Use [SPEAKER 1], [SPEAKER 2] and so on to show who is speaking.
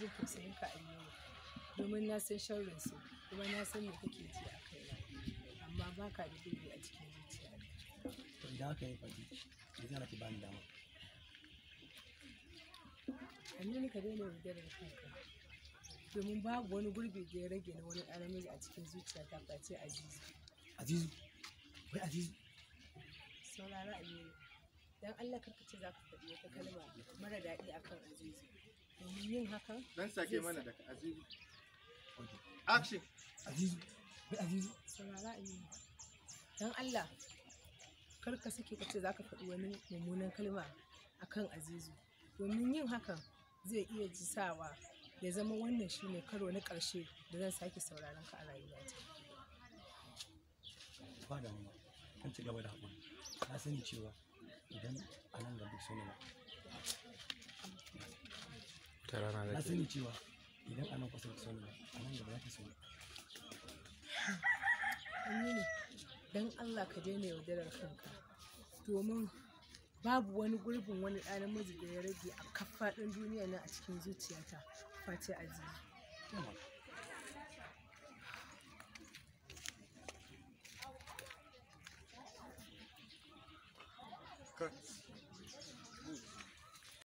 [SPEAKER 1] jin tausayin ka Aliyu domin na san shaurin su kuma na san me kake ji a kaina amma ba ka da gurbi a cikin zuciya to idan haka ya faɗi me zai ki bani dama Aliyu ka daina rigarar kanka domin babu wani gurbi da ya rage na wani ƙaramin a cikin zuciya ta face Azizu Azizu wai Azizu saurara Aliyu dan Allah karka ce za ka faɗi wata kalma mara daɗi akan Azizu yin hakan dan sake mana daga azizu action azizu azizu saurara azizu dan Allah kar ka sake kace zaka faɗi wani mummunan kalma akan azizu domin yin hakan zai iya jisawa ya zama wannan shi shine karo na ƙarshe da zan sake sauraron ka a rayuwata ba da mu kan ci gaba da haƙuri na sani cewa idan anan ga duk sunan na sani cewa idan a nan kusa da sani a nan gaba za ka sani aminu don allah ka daina yaudarar kanka domin babu wani gurbin wani ɗa namiji da ya rage a kafaɗin duniya na a cikin zuciyata Fati azizi Thank